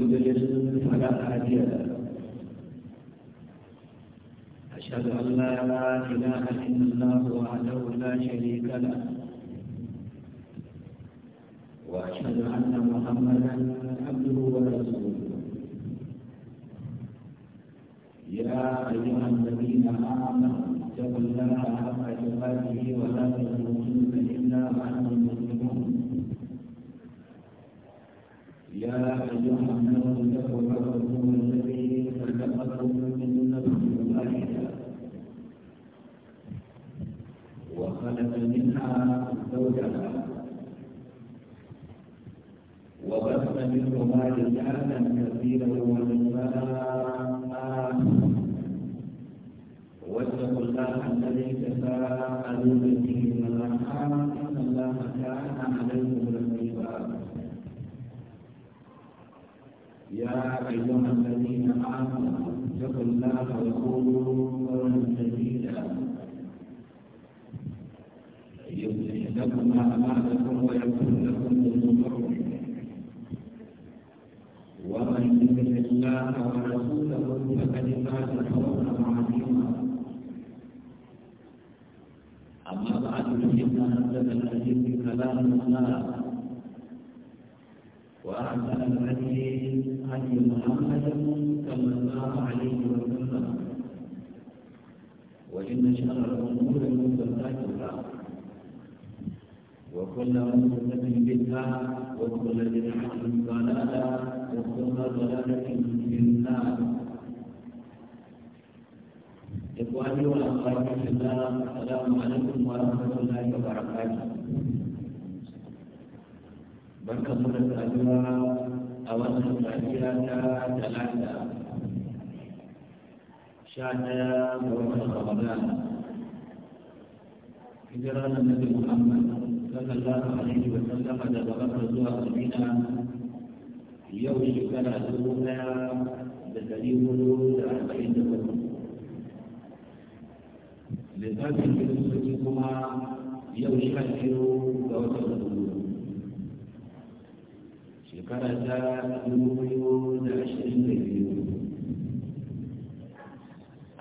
يضلل فلا هادي أشهد أن لا إله إلا الله وحده لا شريك له وأشهد أن محمدا عبده ورسوله يا أيها الذين آمنوا اتقوا الله حق تقاته ولا تموتن إلا وأنتم Gracias. السماء وأحسن الهدي هدي محمد صلى الله عليه وسلم وإن شر الأمور محدثاتها وكل محدثة بدعة وكل بدعة ضلالة وكل ضلالة في النار إخواني وأخواتي في الله السلام عليكم ورحمة الله وبركاته barkan mu da saduwa a wannan safiya ta talata sha ɗaya ga watan ramadan hijira na nabi muhammad sallallahu alaihi wa sallama daga makka zuwa madina yau shekara dubu ɗaya da ɗari hudu da arba'in da hudu lissafin kiristoci kuma yau sha biyu ga watan shekara ta dubu da ashirin da biyu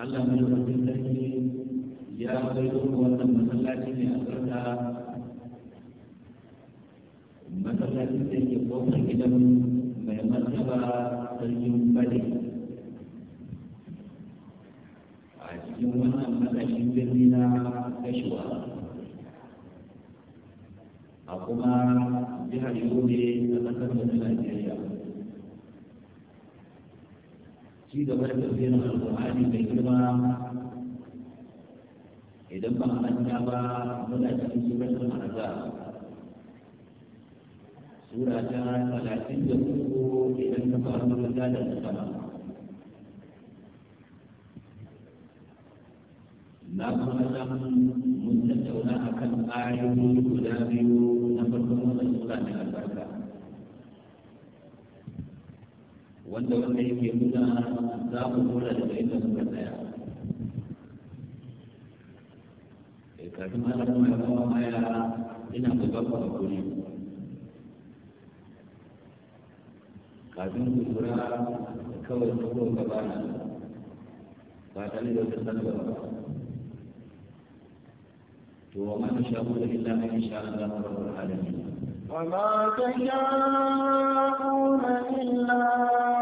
Allah mai rufin sarki ya kai zuwa wannan masallaci ne a tsarka masallacin da ke kofar gidan mai martaba sarkin a cikin wannan matashin na gashuwa a pihak yang boleh katakan benda lain dari Jika mereka dengan Al-Quran yang baik kelemah, ia dapat surat al-Azhar. Surah Jalan pada tiga buku di dalam tempat dan bersama. Nama macam akan ayu dan wanda wanda yake nuna za mu dora da inda muka tsaya eh kafin Allah kuma ya maya ina da a hakuri kafin ku kawai tsoho gaba na ba tare da wata sanarwa ba to wa ma tashabu illa an sha Allah rabbul alamin وما تشاءون إلا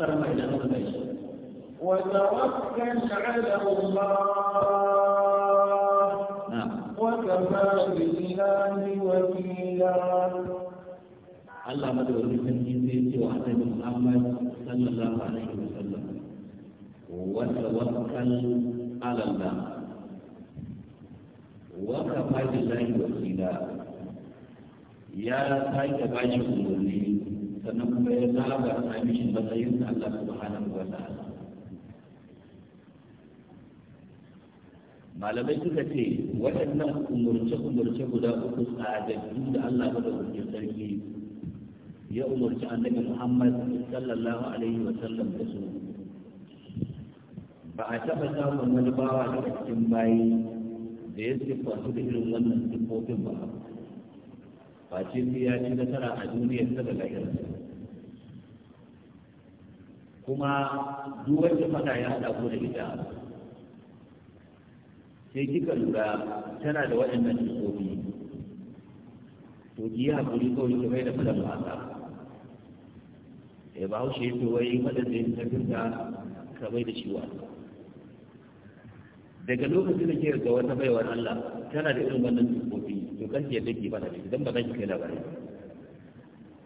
أكثر ما إلى هذا البيت وتوكل على الله وكفى بالله وكيلا الله مدعو لكم في وحده محمد صلى الله عليه وسلم وتوكل على الله وكفى بالله وكيلا يا سيد باجي sannan kuma ya zaga a mishin matsayin Allah subhanahu wa ta'ala malamai suka ce waɗannan umurce-umurce guda uku tsadaddu da Allah da wuce sarki ya umurci annabi Muhammad sallallahu alaihi wa sallam da su ba a taɓa samun wani bawa da cikin bayi da ya su da irin wannan siffofin ba face sai ya ci nasara a duniyar ta da lahirarsa kuma duk da fada ya haɗa ko da ita sai kika lura tana da waɗannan tsofi to ji ya haƙuri ko ki mai da fadar mata eh, ya ba shi ya wai madadda ya tafinta ka mai da ciwa daga lokacin da ke ga wata baiwar Allah tana da irin wannan tsofi to kan ki yadda ki fada idan ba zan ki kai labari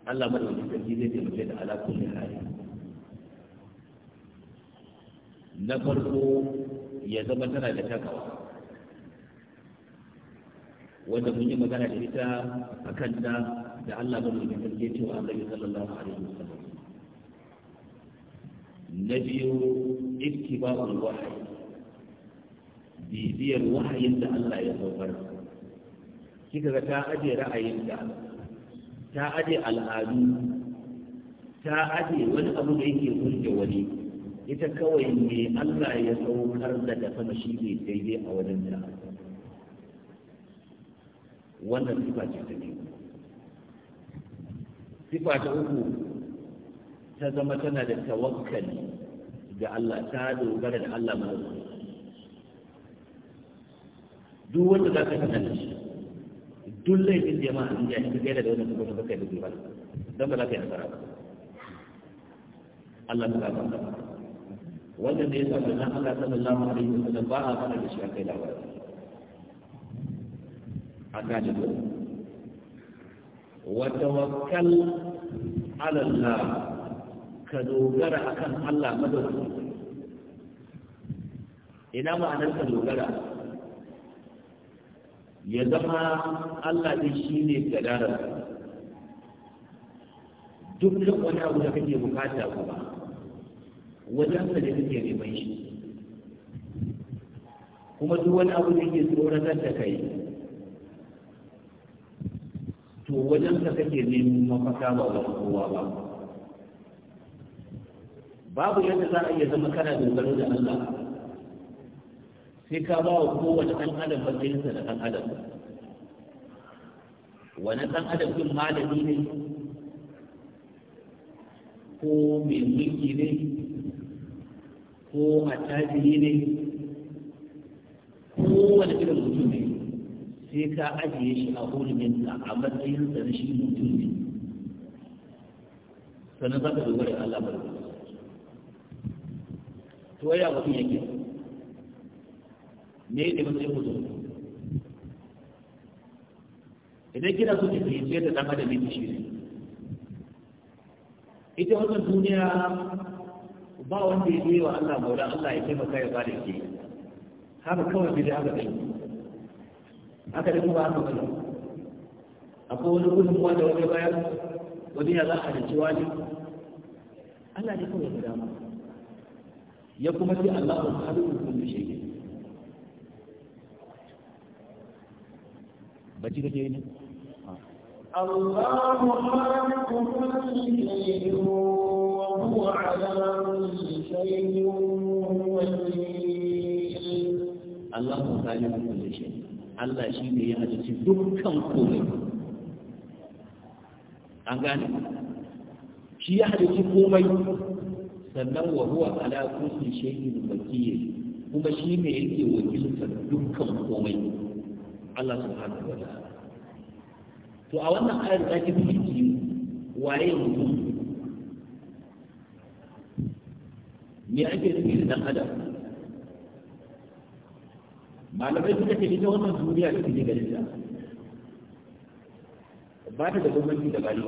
Allah madaukakin sarki zai taimake da ala da hali na farko ya zama tana da takawa wanda mun yi magana da ita a kan ta da Allah ba mai sarki cewa Annabi sallallahu alaihi sallar. na biyu wani wahayi. bibiyar wahayin da Allah ya saukar kika ga ta aje ra'ayinta ta aje al'adu ta aje wani abu da yake kunje wani ita kawai ne Allah ya saukar daga sama shi ne daidai a wajen ta wannan sifa ce ta biyu sifa ta uku ta zama tana da tawakkali ga Allah ta dogara da Allah mai duk wanda za ka kasance shi duk laifin jama'a in ji a cikin da wannan kuma ta kai da ba don ba za ka yi nasara ba Allah ta ba wannan da ya yasa manzon Allah sallallahu alaihi wasallam ba a fara da shi kai labari a gane ko wa tawakkal ala Allah ka dogara akan Allah madaukakin ina ma'anar ka dogara ya zama Allah ɗin shi ne gadarar duk wani abu da kake bukata kuma wajen da kake neman shi kuma duk wani abu da ke tsoratar da kai to wajen ka kake neman mafaka ba wani kowa ba babu yadda za a iya zama kana dogaro da Allah sai ka ba wa kowane ɗan adam matsayinsa da ɗan adam wani ɗan adam ɗin malami ne ko mai mulki ne ko a tajiri ne ko wani irin mutum ne sai ka ajiye shi a huruminsa a matsayinsa na shi mutum ne sannan za ka dogara Allah ba to ya mutum yake me ne matsayin mutum idan kina so ki fahimce da dan adam ne shi ne ita wannan duniya ba wanda ya yi wa Allah maula Allah ya taimaka ya bada ke haka kawai bi da haka dai haka da kuma haka bane akwai wani gudunmuwa da wani bayan wani ya za a halicci ne Allah ne kawai da dama ya kuma ce Allah ba su haɗu kullu ba bacci kake ne Allah Akbar kullu shi وهو على كل شيء وكيل الله خالق كل شيء Allah shi ne ya halitta dukkan komai an gane shi ya halitta komai sannan wa alaƙun ala kulli shay'in wakil kuma shi ne yake wakiltar dukkan komai Allah subhanahu wa ta'ala to a wannan ayar da take fiki waye mutum me ake nufi da dan adam malamai suka ce ita wannan duniya da take ganin ta ba ta da gwamnati da bali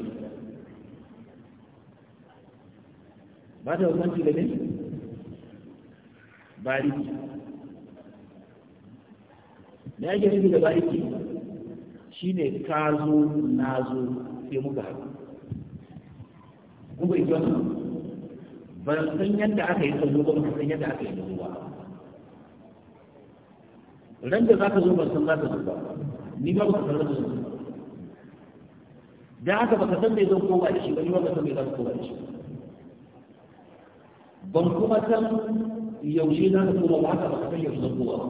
ba ta da gwamnati da bali bari me ake nufi da bari ne ka zo na zo sai muka haɗu kuma ita wannan ba san yadda aka yi kallo ba ba san yadda aka yi kallo ba ran da za ka zo ba san za ka zo ba ni ba ba san za ka zo ba da haka ka san mai zan koma da shi ba ni ba san mai zan koma da shi ban kuma san yaushe za ka koma ba haka ka san yaushe zan koma ba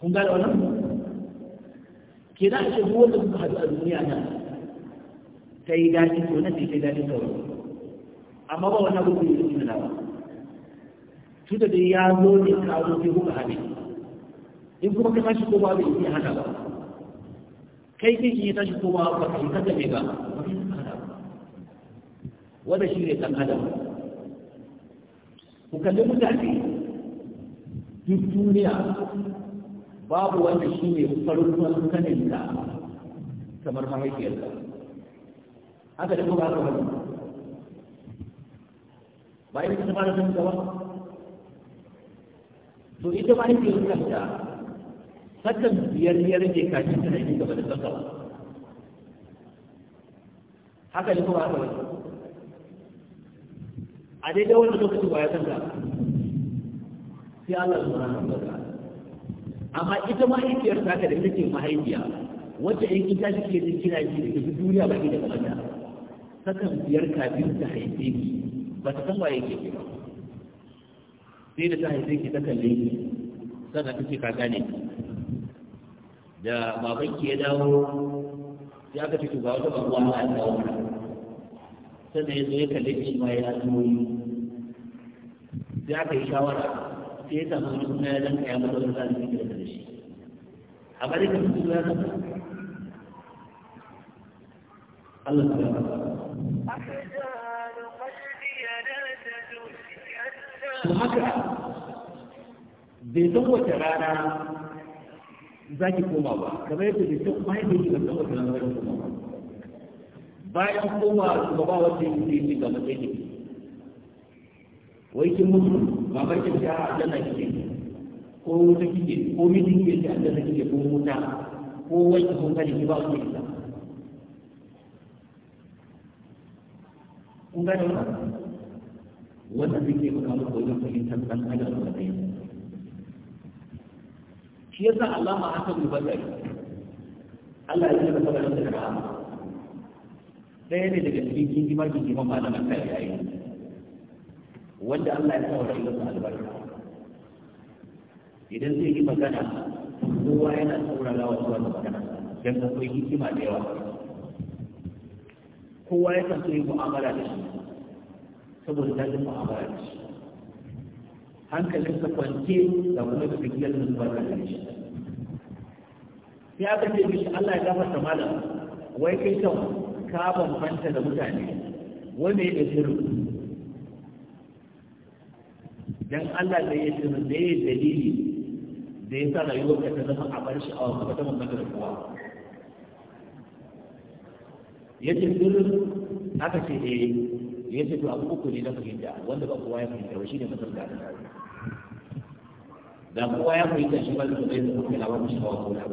kun gane wannan ke da ake wanda kuka haɗu a duniya nan ta yi daɗi to nan ne ta yi daɗi kawai amma ba wani abu da ya da ba su da dai ya zo ne ka zo ke kuka hane in kuma ka tashi ko ba bai iya hana ba kai kai ya tashi ko ba ba kai kada ne ba wanda shi ne kan adam ku kalli mutane duk duniya babu wanda shi ne farkon saninka kamar mahaifiyarka haka da kuma haka wani ba yi ta fara sanin gaba to ita ba ita yin kanta sakan biyar ya rage kafin ta yin gaba da sassawa haka ne kuma haka wani a daidai wani lokaci ba ya sanda sai Allah subhanahu wa ta'ala amma ita ma ita ta ka da take mahaifiya wacce in ita take jin kina ji da duniya ba ke da kamata sakan biyar kafin ta haife ki ba ta san waye ke ke ba sai da ta haife ki ta kalle ki sannan ta ce ka gane da baban ki ya dawo ya ka fito ba wata babuwa na dawo sannan ya zo ya kalle ki ma ya yi sai aka yi shawara sai ya samu wani suna ya danka ya mata wani sa da ke da shi a bari ka fito ya zama Allah ta ba. to haka bai san wata rana za ki koma ba kamar yadda bai san bayan da yake ban san wata rana za ki koma ba bayan koma ba ba wata yi ne ga matsayi ki wai kin mutu ba ba kin ta aljanna kike ko wuta kike ko miji kike ta aljanna kike ko wuta ko wai ki kun kare ki ba ku kike kun gane wannan wanda suke kuma muku wajen fahimtar ɗan adam da yi. shi yasa Allah ma haka mu bazai Allah ya yi da fara da rahama ɗaya ne daga cikin kingima kingima malaman kai yi. wanda Allah ya sa wa rayuwarsa albarka idan zai yi magana kowa yana saurara wa kowa magana don akwai hikima da yawa kowa ya san so yi mu'amala da shi saboda ta jin ma'amala da shi hankalin ka kwance da kuma tafiyar da zuwa da shi Ya aka ce mishi Allah ya gafarta malam wai kai kan ka bambanta da mutane wai me da shirin dan Allah da ya shirin da ya dalili da ya sa rayuwar ka ta zama a bar shi a wata ta bambanta da kowa yace sirrin aka ce eh ya ce to abu uku ne na fahimta wanda ba kowa ya fahimta ba shine masar da da kowa ya fahimta shi ba zai zai zai kuma labar mishi hawa ko abu da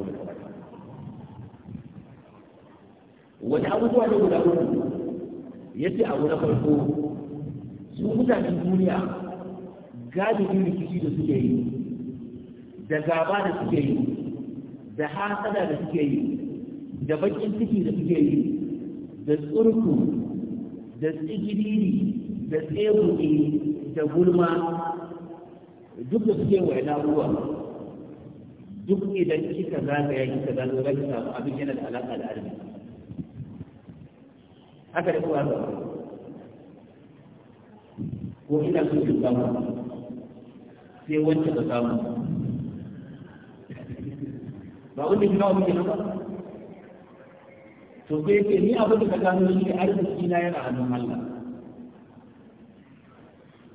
wani abubuwa ne guda uku ya ce abu na farko su mutanen duniya galibin rikici da suke yi da gaba da suke yi da hasada da suke yi da bakin ciki da suke yi da tsurku da tsikiriri da tsebuɗe da gulma duk da suke ina ruwa duk idan kika zagaya kika gano zaki samu abin yana da alaƙa da arziki haka da kowa zaɓa ko ina so ki samu sai wancan ka samu ba wani kina wani muke ba to sai ce ni abin da ka gano shi arziki na yana hannun Allah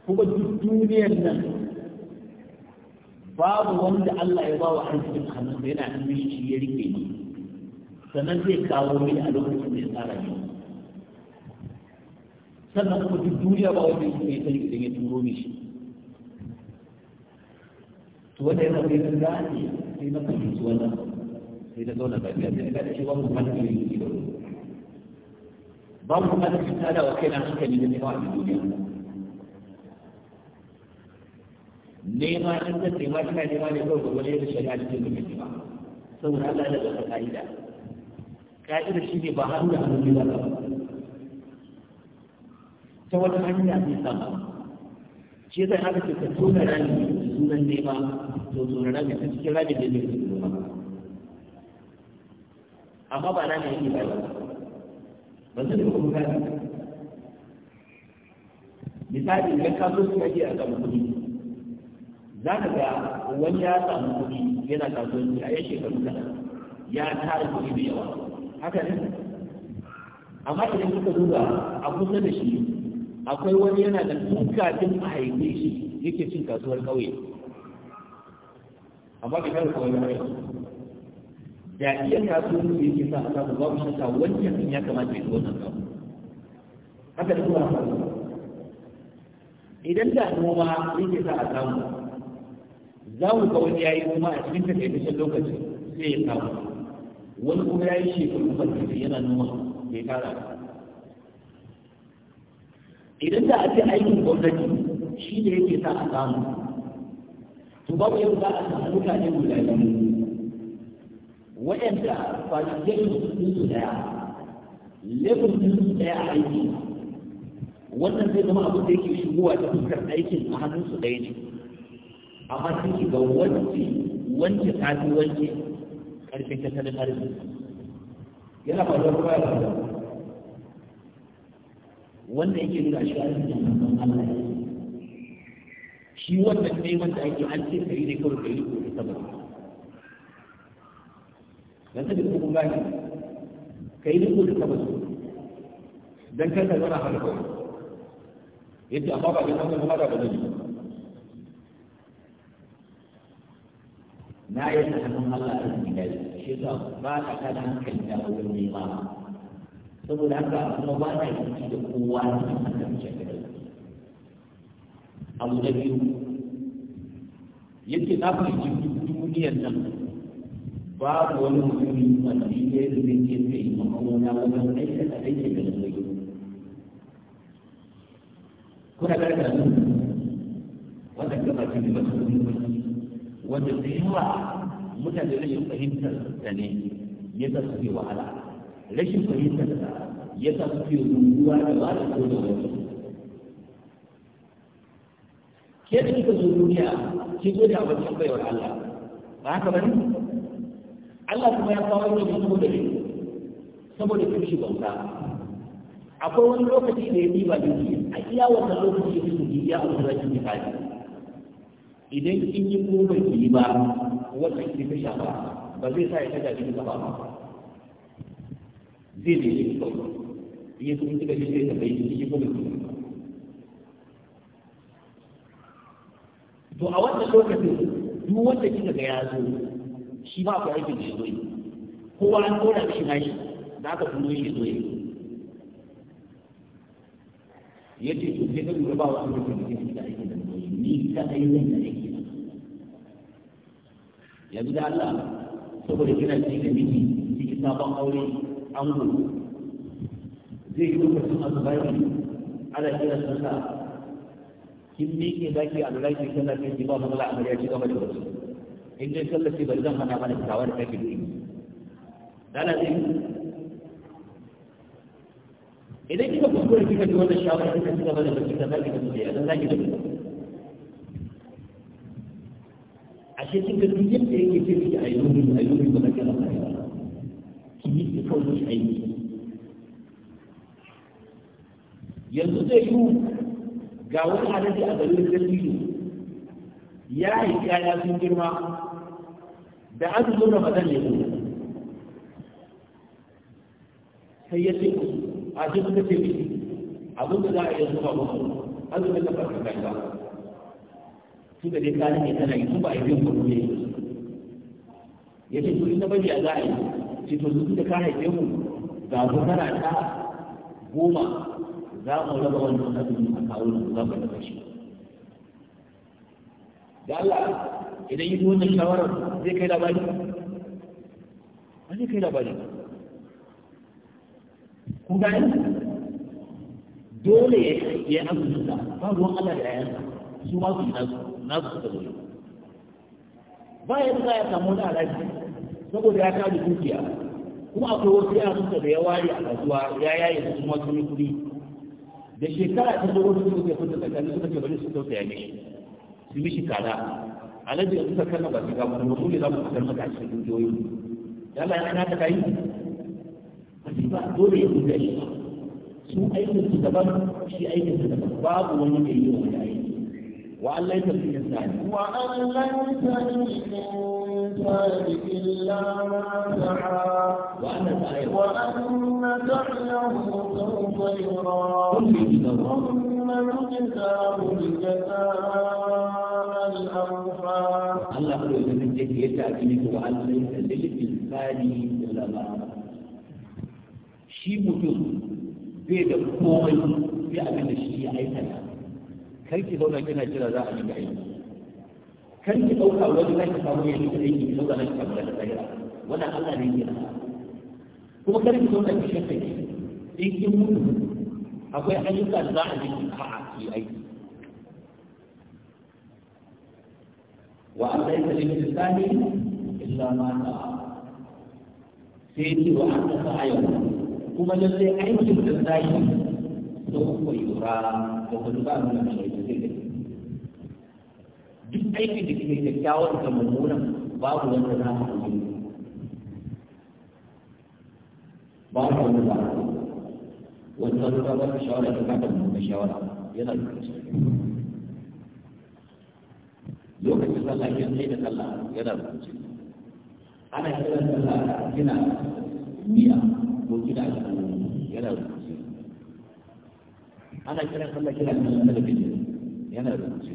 kuma duk duniyar nan babu wanda Allah ya bawa arzikin hannun da yana hannun shi ya rike ni sannan zai kawo ni a lokacin da ya tsara ni sannan kuma duk duniya ba wanda ya ya sani idan ya turo ni shi to wanda yana da gane sai na fahimci wannan sai ta zauna lafiya sai ta ce babu kuma da yi da babu kuma da shi tada wa kaina ne da nema a duniya nema in ka nema ina nema ne ne kawai gobe ne da shari'a da cikin mutum ba saboda Allah da wata ka'ida ka'ida shi ne ba hannu da hannu ba ta wata hanya zai samu shi zai haka ce ka tona rami sunan nema to tona rami ta cikin rami da ne ka tona amma ba na yi ba ba su da kuma Ni misali idan ka zo suka je a samu kuɗi za ka ga wani ya samu kuɗi yana kasuwanci a yan shekaru kana ya tara kuɗi da yawa haka ne amma idan kuka duba a kusa da shi akwai wani yana da din a haife shi yake cin kasuwar kauye amma bai kara kawai ba da iya su da ke sa a samu babu shakka wancan din ya kamata ya nan kawo haka da kuma faru idan da noma ke sa a samu za mu ga wani yayi kuma a cikin takaitaccen lokaci sai ya samu wani kuma yayi shekaru ba yana noma bai kara idan da a ce aikin gwamnati shi ne yake sa a samu to babu yadda za a samu mutane guda biyu waɗanda kwanakin sun su daya laifin sun su daya a aiki wannan zai zama abin da yake shigowa ta fuskar aikin a hannun su ɗaya ne amma sun ga wance wance tafi wance ƙarfin tattalin arziki yana faruwa kuma ya faruwa wanda yake nuna shi arzikin hannun Allah ya shi wannan neman da ake an ce kai ne kawai kai ko ta ba dan kada ku kuma ne kai ne ku ka basu dan ta zama halaka yadda amma ba da wannan ba da bane na yi ta hannun Allah a cikin gari shi ta ba ta kada hankali da wurin nema saboda haka kuma ba ta yi da kowa ne a kan shekarar abu da biyu yake na fahimci duniyar nan babu wani mutum wanda shi ya yi zai ke kai makamona wajen aikata aikin da zai yi kuna karkar nan wanda gaba ce da masu muhimmanci wanda da yawa mutane rashin fahimtar da ne ya sa su ke wahala rashin fahimtar da ya sa su ke rubuwa da ba da ko da wani ke da kika zo duniya ki zo da abin baiwar Allah ba haka bane Allah kuma ya kawo shi saboda shi saboda kin shi bauta akwai wani lokaci da ya ba dinki a iya wannan lokaci da kike ya aure yi misali idan kin yi ko yi ba wannan ki ta shafa ba zai sa ya tada ki ba zai ne ki ko yi kuma kika ji sai ta bai ki ko bai to a wannan lokacin duk wanda kika ga ya zo shi ma ku aikin da ya zo yi kowa an kora na shi da aka tuno shi zo yi ya ce to sai ka lura ba wasu mutum da ke da aikin da zo yi ni ta ɗaya zan da aiki na yanzu da Allah saboda kina cikin da miki cikin sabon aure an gudu zai yi lokacin azubari ana kira sun sa kin miƙe zaki a lura ki kan ki ba mu mala ya ki gama da wasu in dai sallar ba zan hana mana fitawa da kake duki dala zai idan kika kuskure kika ji wannan shawara kika ci gaba da baki ta zaki da mutiya dan zaki da ashe kin ga duk yadda yake ce ki ayyuka ayyuka ba kake da rayuwa ki yi kawai aiki yanzu zai yi ga wani adadi a garin da zai ya haifi ƴaƴa sun girma da aka zo ramadan ya zo sai ya ce a ce suka ce biki abin da za a iya zuwa musu azumin da farka kai ba su da dai kanin ya tana yi su ba a yi bin kudu ne ya ce su ina bari a za a yi ce to su da ka haife mu ga gobara ta goma za mu raba wannan abin a kawo na za mu raba shi da Allah idan yi wannan shawarar zai kai labari ba zai kai labari ku gani dole ya yi azumunta ba ruwan Allah da yayansa su ma su nasu su suka zo ba ya za ya samu wani alaji saboda ya kaji dukiya kuma akwai wasu yaransa da ya ware a kasuwa ya yaye su kuma sun yi kuɗi da shekara ta zo wasu suke fi da tsakanin suka ce bari su tausaya ne su yi shi kaza alaji da suka kanna ba su ga wani mutum ne za mu fitar maka a cikin dukiyoyi ya la yana ta kai ba dole ya yi shi su aikin su daban shi aikin su daban babu wani da yi wani aiki وأن ليس للإنسان وأن ليس للإنسان إلا ما سعى وأن سعيه سوف يرى ثم يجزاه الجزاء الأوفى الله قد يجزم جد يتأكيد وأن ليس إلا ما سعى شيء mutum bai da komai sai abin da shi ya aikata kar ki zauna kina kira za a dinga aiki kar ki ɗauka wani zaki samu yayi da aiki ki zauna ki samu da tsaya wannan Allah ne yake kuma kar ki zauna ki shafe in kin mutu akwai ayyuka da za a dinga fa'a ki aiki wa an laisa lil insani illa ma sa'a sai ki wa an sa'a kuma lalle aikin da zai ko yura ko ko ba mun da mai take duk aikin da kike kyakkyawa da mummunan babu wanda za ka yi babu wanda za ka yi wanda ba shawara da ka da shawara yana da lokacin sallah kin sai da sallah yana da ana kiran sallah yana biya ko yana da ana kiran sallah kira da sallah da yana da rubuce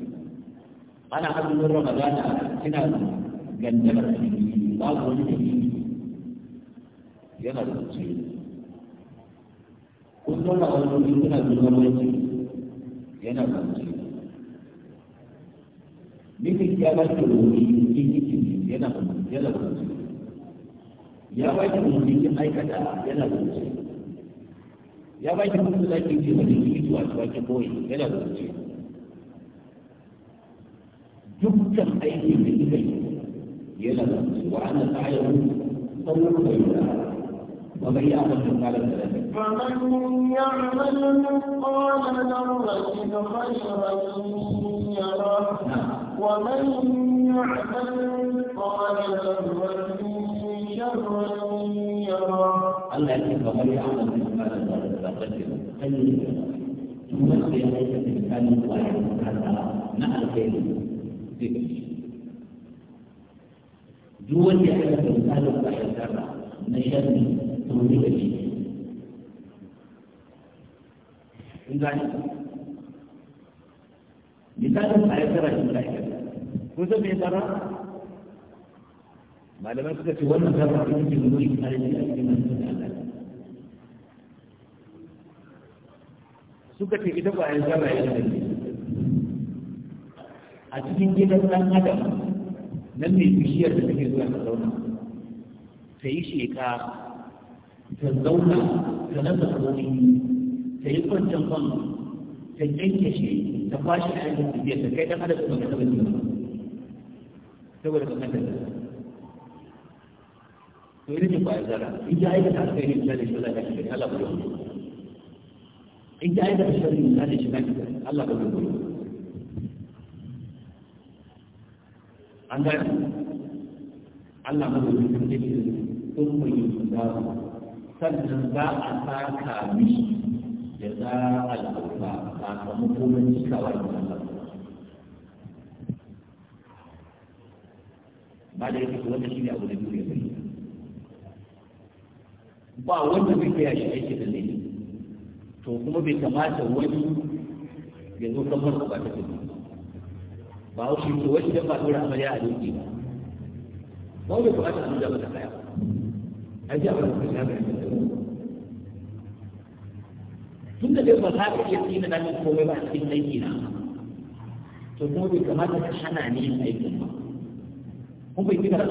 ana azumin ramadana kina gandamar babu wani dalili yana da rubuce kun zauna wani wuri kuna zuwa wani yana da rubuce ki ya ba ki wuri kin yana da rubuce ya ba ki wuri ki aikata yana da rubuce ya ba ki mutu zaki ce ba ki zuwa zuwa ki koyi yana da zuci dukkan aikin da kika yi yana da zuci wa ana ta'ala mu sallu da yana ومن يعمل مثقال ذرة فمن يعمل مثقال ذرة خيرا يره ومن يعمل مثقال ذرة شرا يره الله يكفى من يعمل مثل ما لا تقدم خير تمثل ليس في مكان واحد هذا مع الخير دول يعرف المثال الواحد هذا نشر توليد الشيء مثال الواحد هذا kun san me yasa malamai suka ce wannan zama a ta cikin mushi a cikin nan suka ce ita ƙwayar zama ya ne a cikin gidan ɗan adam nan ne bishiyar da take zuwa ta zauna ta yi sheka ta zauna ta nasa tsoki ta yi kwancin kwan ta yanke shi ta kwashe a yankin tafiya ta kai ɗan adam da kuma ta taɓa jiwa saboda kamar da to yi rikin kwayar zara in ya aikata alkhairi in ya da shi Allah ya Allah ba zai in ya aikata sharri in ya da shi Allah ba zai an gani Allah ba zai kuma da shi sun yi zara sannan za a saka mishi da za a alƙawta sakamakon cikawa da Allah ba da yake wannan shi ne abu da yi ba wanda bai kai shi aiki da zai to kuma bai kamata wani ya zo kamar ku ba ta tafi ba a shi to wani dafa dora amarya a doki ba ba wanda ku aka nuna mata kaya ai ji abin da kuka shafa da tun da dai ba za ka iya tsina na komai ba a cikin aiki na to kuma bai kamata ka hana ni yin aikin ba kuma bai kira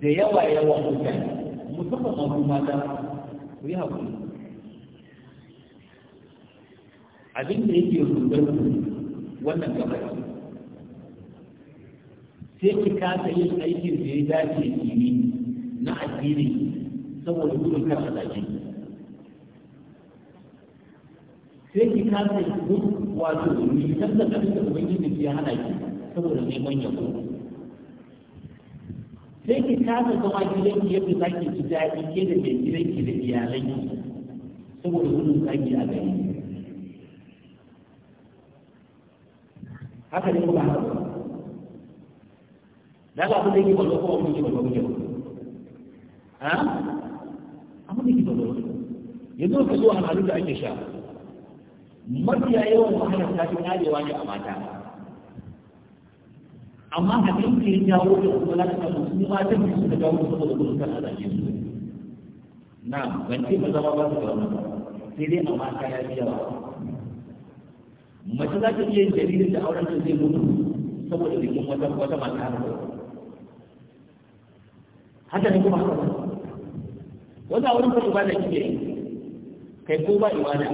da yawa yawa mutane musamman a mata ku yi haƙuri yake ku wannan gabar sai ki kasa yin aikin da ya dace saboda gudun sai ki kasa duk wato da da ubangiji ya hana ki saboda neman yabo sai ki kasa zama ki yadda za ki ji daɗi ke da mai ki da iyalanki saboda gudun zaki a gari haka ne kuma haka da ga abin da yake kwallo kuma mun yi kwallo muke ha abin da yake kwallo yanzu ka zo a halin da ake sha mafiya yawan mahalarta sun arewa ne a mata amma a abin da ya jawo da kuma lafiya su sun yi ba ta su da jawo saboda gudun kan azaje su na ban ce ba zama ba su ga wani sai dai amma ta ya biya mace za ta iya yin jaririn da auren da zai mutu saboda bikin wata wata mata haka haka ne kuma haka wata auren fa ibada kike yi kai ko ba ibada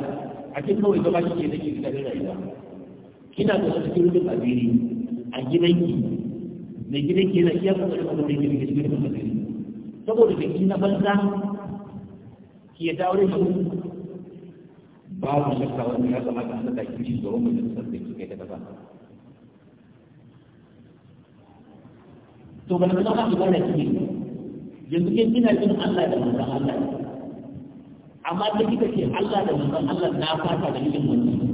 a cikin kawai gaba kike da kike da rayuwa kina da cikin rubutun asiri a gidanki mai gidanki yana iya kuma da kuma da yake da cikin saboda da na banza ki ya daure da babu shakka wanda ya kamata a saka kishi ga wani majalisar da kike ta. kaza to ba na kuma ibada kike yanzu ke kina jin Allah da manzon Allah amma kika ce Allah da manzon Allah na fata da ilimin wannan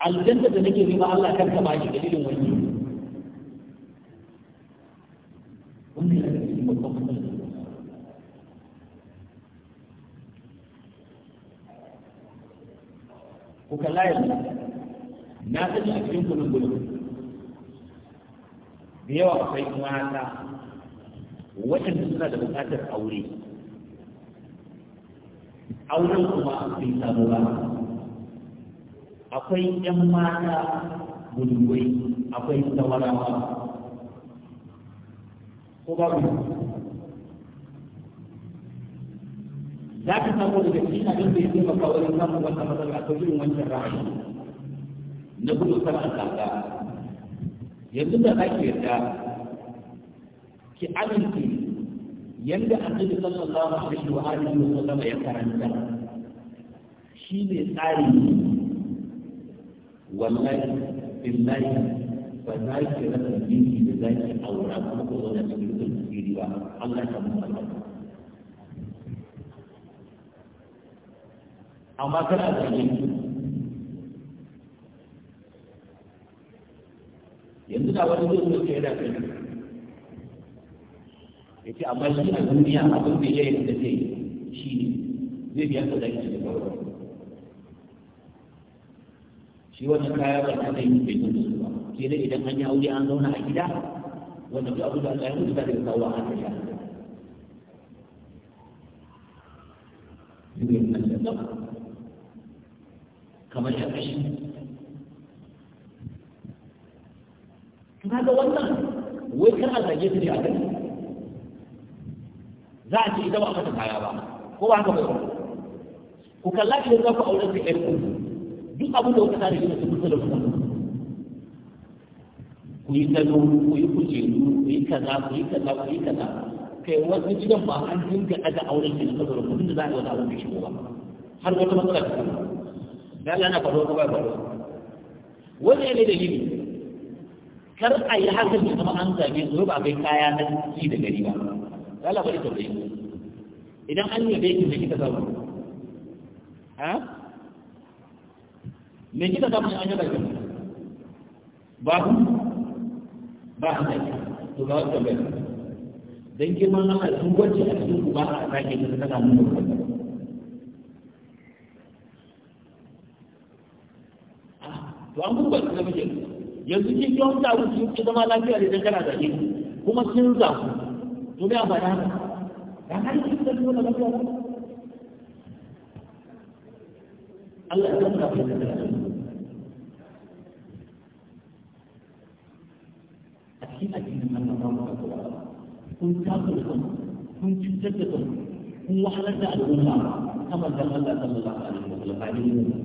aljanna da nake nema Allah kan ka baki dalilin wani ku kalla yanzu na sani a cikin kunun gudun da yawa akwai mata waɗanda suna da buƙatar aure auren kuma bai samu ba akwai ‘yan mata gudunwai akwai tawarawa ko ba ku? za ka samu daga cikin abin da ya taimaka wajen samu wannan matsala akwai irin wancan ra'ayi na gudu kan al'ada yanzu da za yadda yarda ki amince yanda annabi sallallahu alaihi wa alihi wa sallam ya karanta shi ne tsari wallahi billahi ba za ki rasa miki da za ki aura kuma ko wanda ki rubuta asiri ba Allah ta mun albarka amma kana da yanki yanzu da wani zai zo ke yana kai ya ce amma shi a duniya abin da ya yi da zai shi ne zai biya ka zaki da kawai shi wannan kaya ba ta kai bai jin da su ba sai dai idan an yi aure an zauna a gida wanda duk abu da Allah ya mutu da ya kawo a haka ya kamar ya kashi kaga wannan wai kar a zage su ne a kai za a ce ita ba a mata kaya ba ko ba haka bai ku kalla idan za ku aure su ɗan duk abin da wata tare shi su kusa da kusa ku yi gado ku yi kujeru ku yi kaza ku yi kaza ku yi kaza kai wasu cikin ba an dinga daga auren ki na saboda kudin da za a yi wata abin da shi ba har wata matsala ta kuma da Allah na faɗo ko ba faɗo wani ne dalili kar a yi haka ne kuma an zage su ba kai kaya na ci da gari ba Allah ba ita bai idan an yi da yake da kita zama ha me kita ga mun an yaba ba ku ba ha ne to ga wata bai dan girman Allah sun gwaje a cikin ku ba a sake ta tana mun ku ah, to an kuma da muke yanzu kin yi ta wuce kin zama lafiya da dan kana zaki kuma kin zaku to me amfani haka dan har kin zama lafiya Allah ya nuna mai da a cikin addinin Allah ba mu kawo kun tafi da kanku kun cutar da kanku kun wahalar da al'umma kamar da Allah sallallahu alaihi wa sallam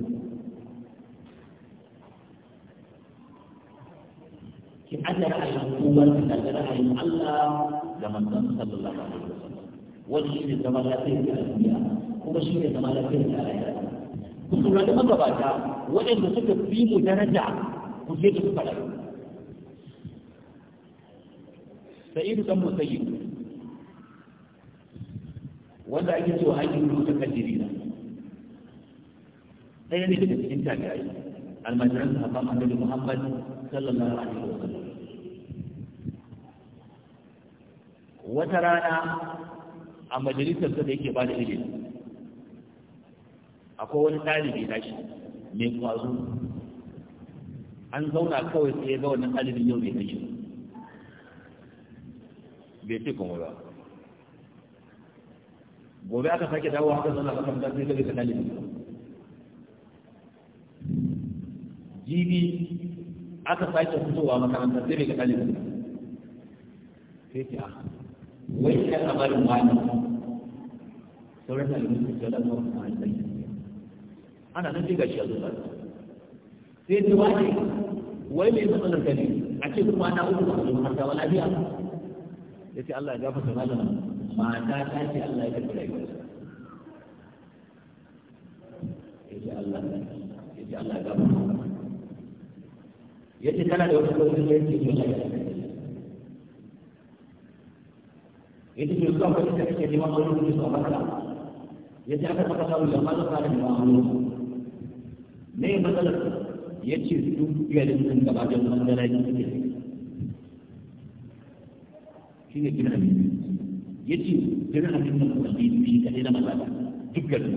ki ada ra'ayin kowa da da ra'ayin Allah da manzon sallallahu alaihi wa sallam wani shi ne zama lafiya da duniya kuma shi ne zama lafiya da rayuwa ku saurari magabata waɗanda suka fi mu daraja ku je da suka rayu sa'idu dan musayyib wanda ake cewa yi hakin mutakaddiri na ɗaya ne daga cikin tabi'ai almajiran sahabban annabi muhammad sallallahu alaihi wasallam wata rana a majalisar da yake ba da ilimi akwai wani ɗalibi na shi mai kwazo an zauna kawai sai ya ga wannan ɗalibin yau bai kashi bai ce kuma ba gobe aka sake dawo haka zauna ka kan sai ga ɗalibin jibi aka sake fitowa makarantar sai ga ɗalibin sai ce ah, a wai kan abarin wani sauran ɗalibin su ce da ɗalibin ana nan diga shi a zuwa sai ta wace wai mai matsalar gani a ce kuma na uku a zuwa ta wala biya ya ce Allah ya gafarta malam mata ta ce Allah ya karɓi rayuwa ya ce Allah ya ce Allah ya gafarta ya ce tana da wata kawai da ya ce ya ce itu juga kita kecil lima puluh tujuh orang ya jangan kata tahu yang mana kalian mau me matsalar ya ce duk garin sun gaba da mangalaji suke shi ne kira ne ya ce kira a cikin kwanci shi kaɗai na matsala duk garin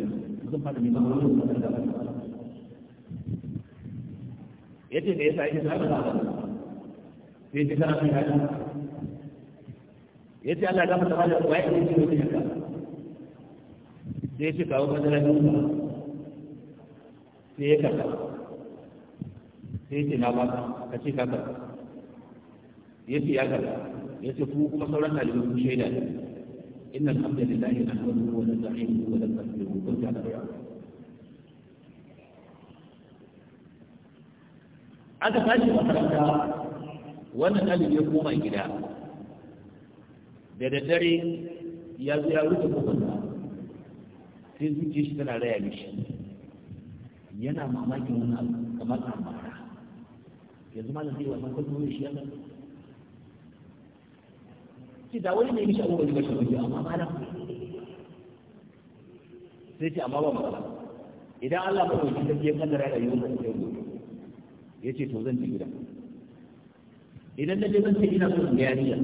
zan fata mai zama wani matsalar gaba ya ce da ya sa ya zaɓa zaɓa sai ta kara mai hajji ya ce Allah ya gama tsara da kwaye ne ce wata yanka sai ya ce kawo mangalaji sai ya karɓa sai ce na ba ka ce ka karɓa ya ce ya karɓa ya ce ku kuma sauran talibin ku shaida ne inna lillahi na hannu wa na zahiru wa na zahiru kun ta karɓa aka tashi makaranta wannan ɗalibi ya koma gida da daddare ya zo ya rufe kofarsa sai zuciya shi tana raya mishi yana mamakin wani abu kamar ambara yanzu ma da zai wannan kwallo shi ya ce da wani ne mishi abubuwa ne bashi wajen amma ba nan sai ce amma ba matsala idan Allah ba wajen da ke kaddara da yiwu kan yau ya ce to zan ji gida idan na je zan ce ina son yariya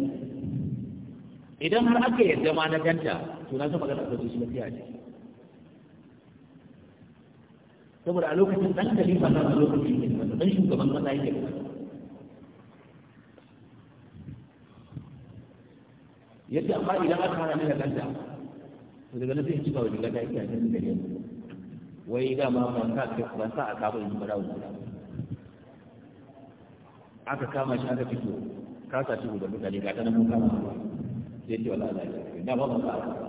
idan har aka yadda ma na ganta to na san magana ta zuciya ta yace saboda a lokacin ɗan khalifa na a lokacin yake da ɗan shugaban ƙasa yake da yadda amma idan aka hana ni da kanta to daga nan sai ci ba wani gada yake a cikin gari wai dama ban sa ban sa a kaba yin bara wuta aka kama shi aka fito kasa shi da mutane ga ta nan mun kama sai ce wallahi da ba ban sa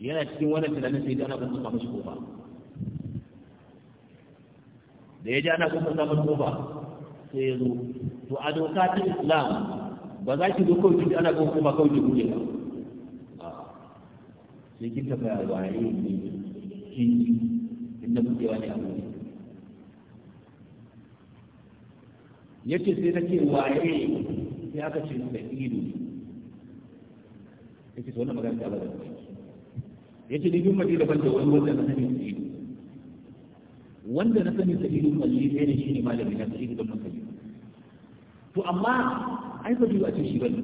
yana cikin wani tunanin sai da ana kuma mashi kofa da ya ji ana kuma samun kofa sai ya zo to a doka ta islam ba za ki zo kawai ki ana kuma kuma kawai ki guje ba sai kin tafi a waye ne kin inda kuke wani abu ne yace sai na ce waye sai aka ce da ido yake to wannan magana ta ba da yace ni bin madina daban da wani wanda na sani ido wanda na sani sai ido malli sai ne shine malami na sai ibn malli to amma ai ba biyu a ce shi bane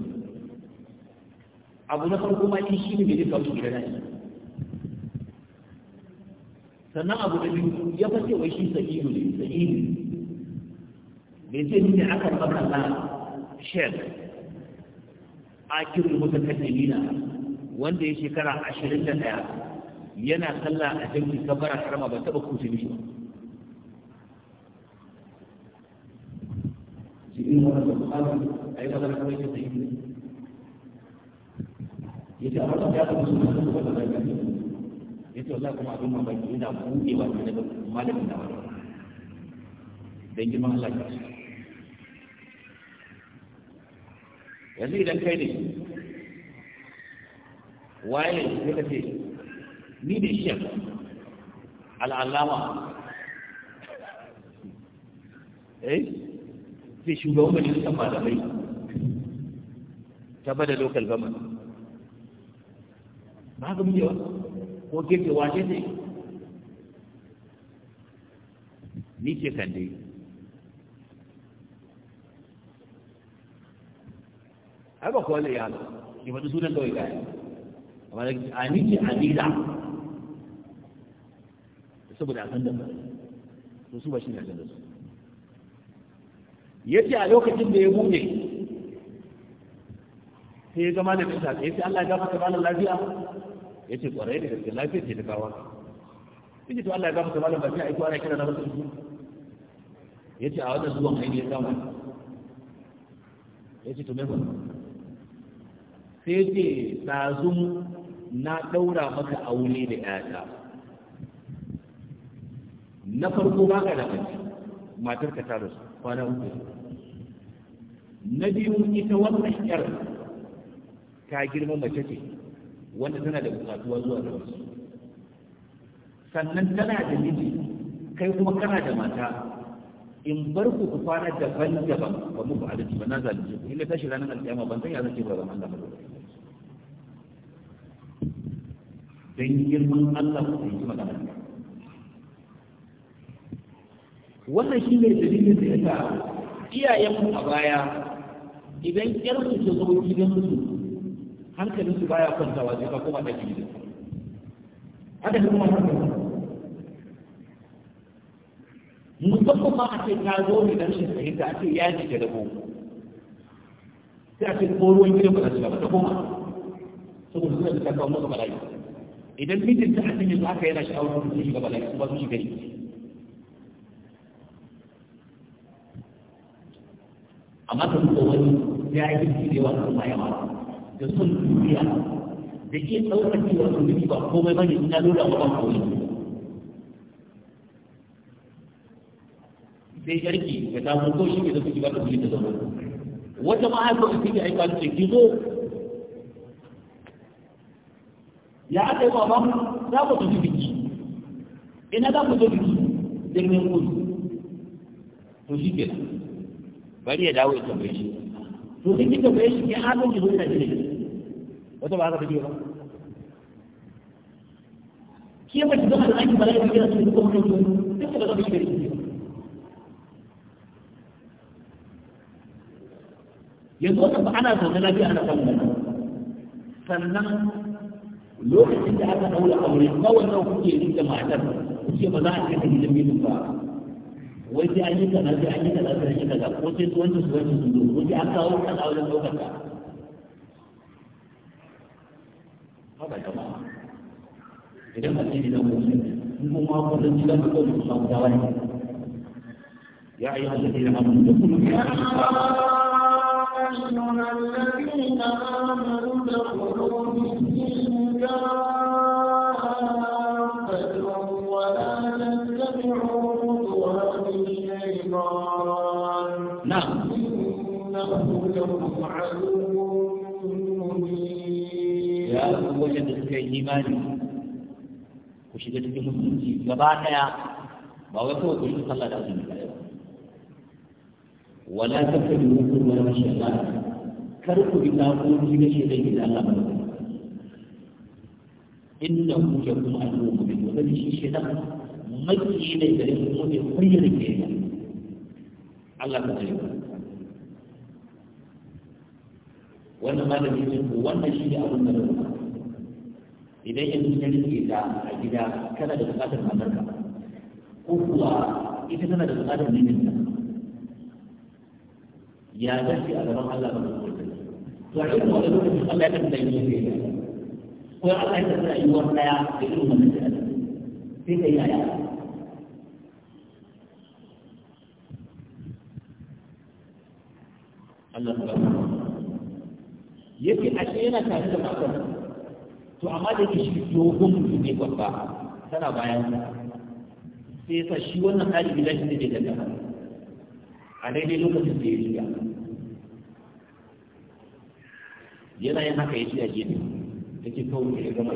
abu na farko ma shi ne bai kawo shi da shi sannan abu da biyu ya fashe wai shi sa ido ne sa sa'idu bai ce ni ne aka rabata shek akirul mutakaddimina wanda ya shekara ashirin da ɗaya yana sallah a jam'i kabara harama ba taɓa kuce mishi ba yace a wannan ya kuma suna da wata zaka yace wallahi kuma abin mamaki yana buɗewa ne daga malamin da wani dan girman Allah ya yanzu idan kai ne waye ne ka ce ni da shi al'allama eh sai shugaban majalisar malamai ta bada local government ba ga mujewa ko gefe wace ce ni ce kan dai ai ba yana zai yi haka ki sunan kawai gaya wani a nike aziza saboda a san da su su ba shi ne a san da su ya ce a lokacin da ya buɗe sai ya zama da bisa ya ce Allah ya gama ta malam lafiya ya ce ƙwarai da gaske lafiya ce ta kawo ya ce to Allah ya gama ta malam lafiya a aiko ana kira na wasu ya ce a wannan zuwan aini ya samu ya ce to me sai ya ce tsazun na ɗaura maka aure da ƴata na farko ba ka da mace matar ka ta rasu kwana uku na biyu ita wannan ƴar ta girma mace ce wanda tana da bukatuwa zuwa ga wasu sannan tana da miji kai kuma kana da mata in bar ku ku kwana daban-daban ba muku adalci ba na zalunci ku inda tashi ranar alƙiyama ban san ya ce ba zaman da mutum don girman Allah ku fahimci magana wannan shi ne dalilin da ya sa mu a baya idan ƴar su ta zo gidan su hankalin su baya kwantawa sai ka koma da gidan haka kuma hankali musamman ma a ce ka zo ne dan shin fahimta a ce ya ji da dabo sai a ce ko ruwan gidan ba za su ba ta koma saboda suna da ta kawo masa bala'i idan mijin ta hannun yanzu haka yana sha'awar su shiga bala'i kuma su shiga amma ka duba wani ya yi jirgi da yawa kuma ya yawa da sun duniya da ke ɗaukar cewa su miji ba komai ba ne ina lura ba ban kawai sai yarki ya samu ko shi ne da su shiga da su yi da zama wata ma'aikata haka ita ke aika ce ki zo ya aka yi baba za ku tafi biki ina za ku je biki jirgin kudu to shi ke bari ya dawo ya tambaye shi to sai kin tambaye shi kin halin ki zo ina wata ba haka ta ba ke ba ki zama da aiki bala'i ba kira su ko mutum duk da zama shi ne yanzu wata ba ana zaune lafiya ana samun sannan lokacin da aka daura aure kawai nawa kuke rike matar kuke ba za a kai gidan mijin ba wai sai an yi kaza sai an yi kaza sai an yi kaza ko sai su wancan su wancan sun zo ko sai an kawo kaza wajen ɗaukar ta haka jama'a idan a ce gidan mutum in kuma kudin gidan mutum su samu dawa ne ya ayyuka alladhina amanu dukulu ya ayyuha alladhina amanu dukulu fi كافة ولا تتبعوا خطوات الشيطان نعم ya wajen da suka yi ku shiga cikin musulunci gaba daya ba wai kawai ku yi sallah da azumi ba wala ta fi mutum wani shaitan kar ku bi ta kuma shiga shaitan gida Allah ba inna hu yakum aduwwun mubin wannan shi shi nan maki ne da mu ne kullun ke Allah ka tsare wannan malami ce ko wannan shi ne abin da ruwa idan yanzu ka rike ta a gida kana da bukatar matarka ko kuwa ita tana da bukatar mijinta ya dace a gaban Allah ba da kuma to a cikin wannan lokacin Allah ya kasance da yin ko Allah ya tsara yi ɗaya, da irin wannan da sai kai yaya Allah ya yake ashe yana tare da matar to amma da yake shi dogon mutum ne babba tana bayan sai yasa shi wannan ɗalibi da shi ne da a daidai lokacin da ya riga yana yin haka ya ci a gefe لكي تكون في عظم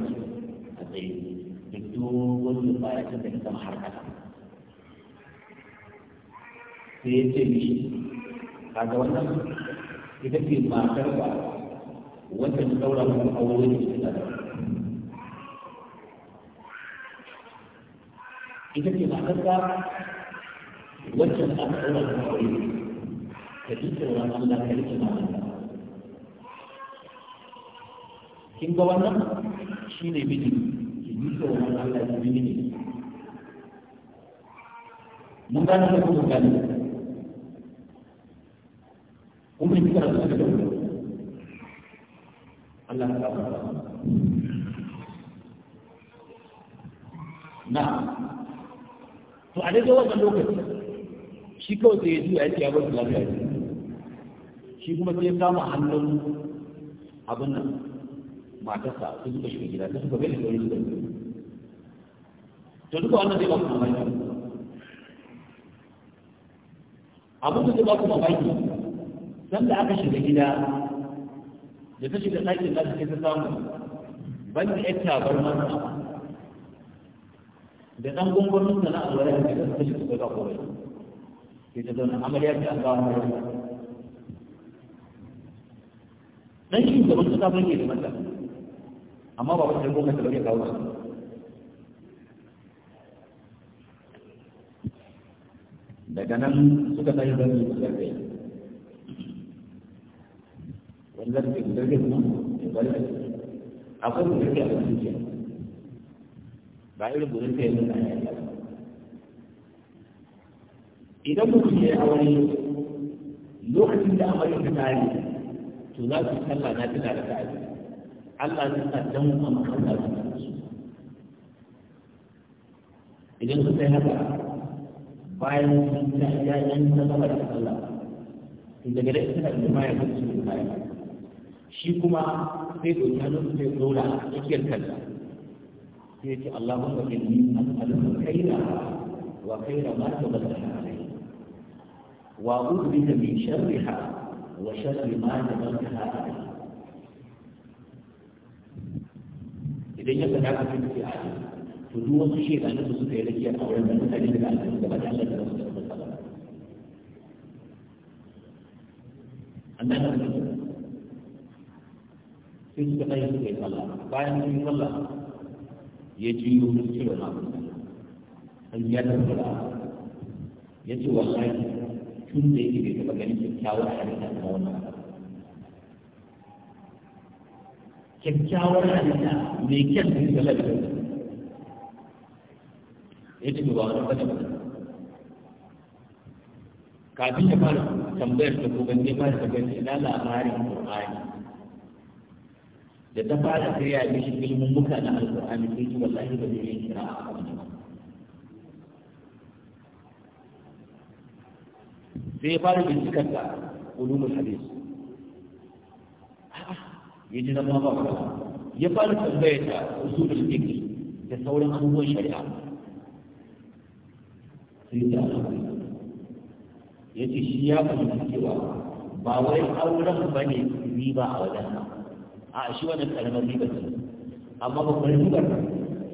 بدون مقارنه بين المحركات في التنشي هذا وانا اذا وانت تدور من اولين في الاداء اذا في ما وانت تدور من اولين في الاداء kin ga wannan shi ne miji ki yi Allah ne mun gane da kuma gane kuma ki karatu da Allah ka ba na to a daidai wannan lokaci shi kawai sai ya ji ya ce abin lafiya shi kuma sai ya kama hannun abin nan matarsa sun suka shiga gida ta suka bai da wani suka to duka wannan zai ba ku mamaki abin da zai ba ku mamaki da aka shiga gida da ta shiga ɗakin da ta samu ban da ya tabar mana da ɗan gungumin da na alwara da ta shiga ga kowai ke ta zauna amarya ta ba mu dan shugaban kasa bai ke da mata amma ba kudin gwamnati ba ne kawo su daga nan suka tsaye zan yi kusa kai wani zan ce kusa kai kuma ya bari akwai kusa kai a kusa kai ba iri kusa kai ne na yaya idan mutum ya yi wani lokacin da amarin ta tare to za su kalla na tuna da ta'azi على أن تقدموا كما قدمتم إذا كنت هذا فاعل من الأحجاج أن تتبرع الله إذا جلست لك بما يقول سبحانه وتعالى شيكما في بيتان في دولة تكير كذا يأتي الله وكذلني أن أدفع خيرا وخير ما تبدل عليه وأخذ من شرها وشر ما تبدل عليه idan ya faɗa a cikin sai a to duk wasu shekarun da suka yi rakiyar auren da mutane daga alƙalin da ba ta Allah da wasu da wasu ba Allah na da sai suka tsaye suka yi sallah bayan sun yi sallah ya jiyo cewa cire a an ya tabbata ya ce wallahi tun da yake bai taɓa ganin kyakkyawar halitta da wannan kyakkyawar halitta mai kyan da ya lafiya ya ce ba wani fata ba kafin ya fara tambayar ta ko ban fara tambayar ta ina labarin Qur'ani da ta fara kariya mishi ilimin muka na Al-Qur'ani sai ki wallahi ba zai kira a kan ba sai ya fara bincikar ta ulumul hadith ya ji zama ba ya fara tambaya ta usulul fiqh da sauran abubuwan shari'a sai ta ya ce shi ya fahimci cewa ba wai auren ba ne riba a wajen a shi wannan karamar riba ce amma babbar ribar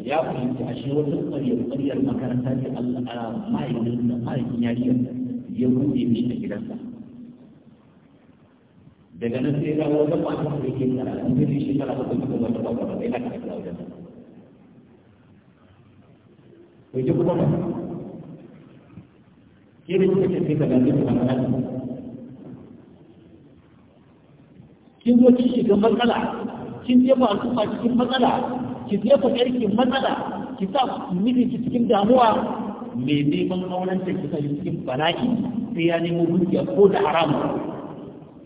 ya fahimci a shi wata ƙaryar ƙaryar makaranta ce Allah a mahaifin yariya ya buɗe mishi da gidansa daga nan sai dawo wajen matan da yake tara in ta ji shekara ta kuma kuma ta kwakwa bai na kasa wajen bai ji kuma ba ke da kuka ce sai ka gani kin zo kin shiga matsala kin jefa al'umma cikin matsala ki jefa yarkin matsala ki sa mijinki cikin damuwa mai neman auren ta ki sa cikin bala'i sai ko da haramun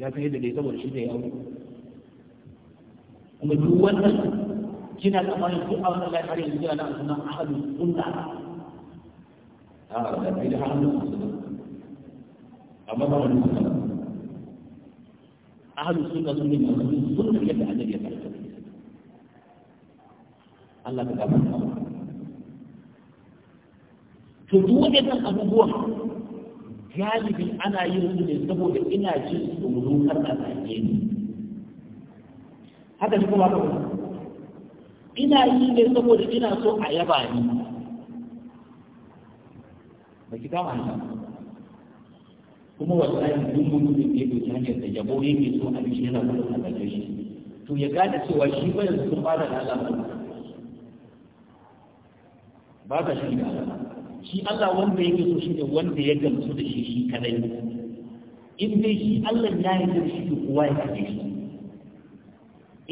ya san yadda dai saboda shi da ya aure kuma duk wannan kina tsammanin duk a wannan lafiya yanzu kina nan sunan ahadu sunna a da da ahadu sunna amma ba wani sunna ahadu sunna sunna ne masu sunna yadda annabi ya karanta Allah ka gafarta to duk wadannan abubuwan galibi ana yin su ne saboda ina ji tsoron kar a zage ni haka ne kuma kuma ina yi ne saboda ina so a yaba ni ba ki kama ni kuma wallahi duk mutumin da ya doki hanyar da yabo yake so a bishi yana kuma a shi to ya gane cewa shi ba yanzu sun ba da lalata ba ta shi da lalata shi Allah wanda yake so shi ne wanda ya gamsu da shi shi kadai in dai shi Allah ya yi da shi kuwa ya kaje shi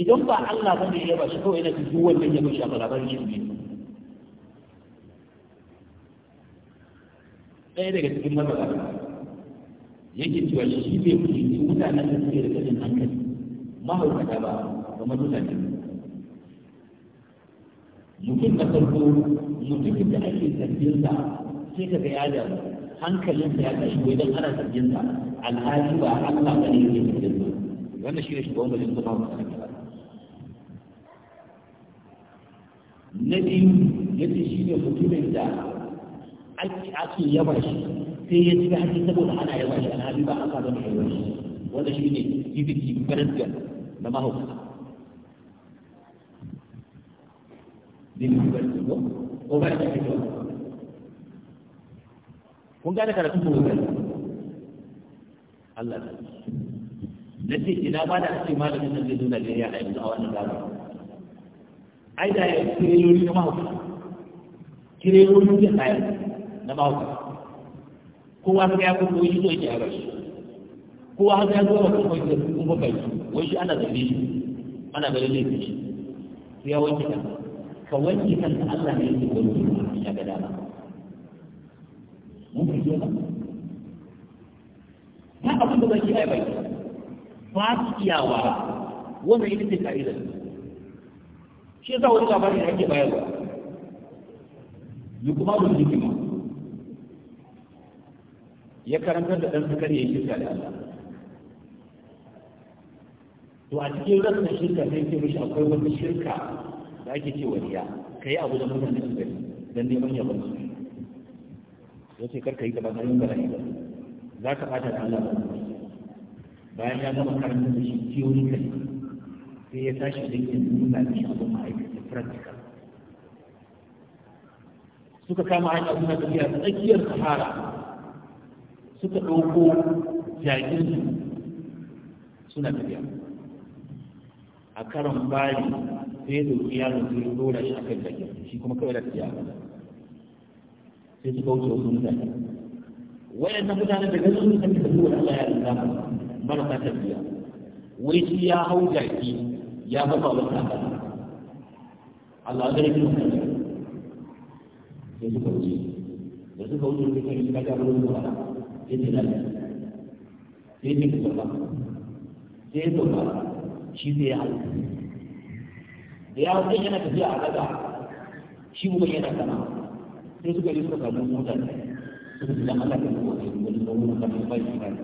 idan ba Allah ba ne ya ba shi kawai na fi duk wanda ya ba shi a labarin shi ne ɗaya daga cikin mazaba yake cewa shi bai fahimci mutanen da suke da kashin hankali mahaukata ba kamar mutane mutum na farko mutumin da ake zarginsa sai ka ga ya hankalin sa ya tashi wai dan ana zarginsa alhali ba Allah ba ne yake zarginsa wannan shi ne shugaban wajen zama mutane na biyu yadda shi ne mutumin da ake yaba shi sai ya ji haƙi saboda ana yaba shi alhali ba Allah ba ne yaba shi wannan shi ne yibiki garantiya na mahaukata. Bin gobe da fito kun gane karatu ko gobe Allah ta nace ina ba da ake malamin nan zai zuna Najeriya a yanzu a wannan gaba ai da ya kire kireloli na mahauka kireloli ya tsaya na mahauka kowa sai ya kuma wani so yake a rashi kowa haka ya zuwa kuma kwanci da kuma kai wai shi ana zabe shi ana ganin laifin shi sai ya wanke kansa ka wanke kanka Allah ne yake wanke ka ya ga dama mun fi ba ba abin da ba ki bai ba su iyawa wannan yake ce ka'idar shi yasa wani labarin da ake bayarwa yukumaru hikima ya karantar da ɗan sukari ya shirka da Allah to a cikin rasa shirka sai ke mishi akwai wata shirka da ake ce wariya ka yi abu da mutane su gani don neman yabon su ya ce karka yi gaba na yin garayi ba za ka bata da Allah bayan ya gama karanta da shi tiyoyi kai sai ya tashi da yin nuna da shi abin ma'aikata practical suka kama hanya suna tafiya tsakiyar sahara suka ɗauko jajin suna tafiya a karon bari sai da kiyamun sai dole shi akan da shi kuma kawai da kiyama sai su kauce wasu mutane wayannan mutane da gani sun san da kowa Allah ya mara marasa tafiya wai shi ya hau jaki ya baba wata ta Allah ya rinka mutane sai su kauce da su kauce da kan shi kaga ruwan kowa sai su lafiya sai su kusa sai su ba shi sai ya hau da ya wuce yana tafiya a ƙasa shi kuma yana sama sai suka yi suka samu mota suka ji dan Allah ta ko wani wani kan bai shi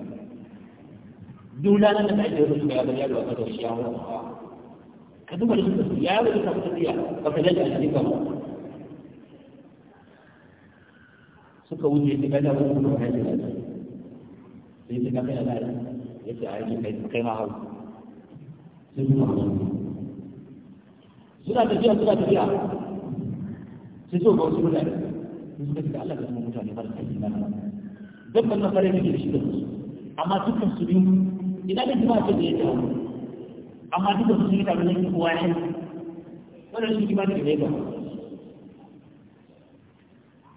duk da nan da ake suka yaga yaro a ƙasa shi ya wuce ka duba da suka ya wuce ka tafiya ba ka dace a cikin suka wuce ta kada wani kuma ka ji sai ta kada ya ce a yi kai ma hau sai kuma hau suna tafiya suna tafiya sai so ga wasu mutane sun suka cika Allah ka zama mutane marasa imani dabban na fare nake da shi da su amma dukkan su biyu ina da jima'a ce da ya jawo amma dukkan su sun yi tare da kowa ya yi wannan shi jima'a ne da ya jawo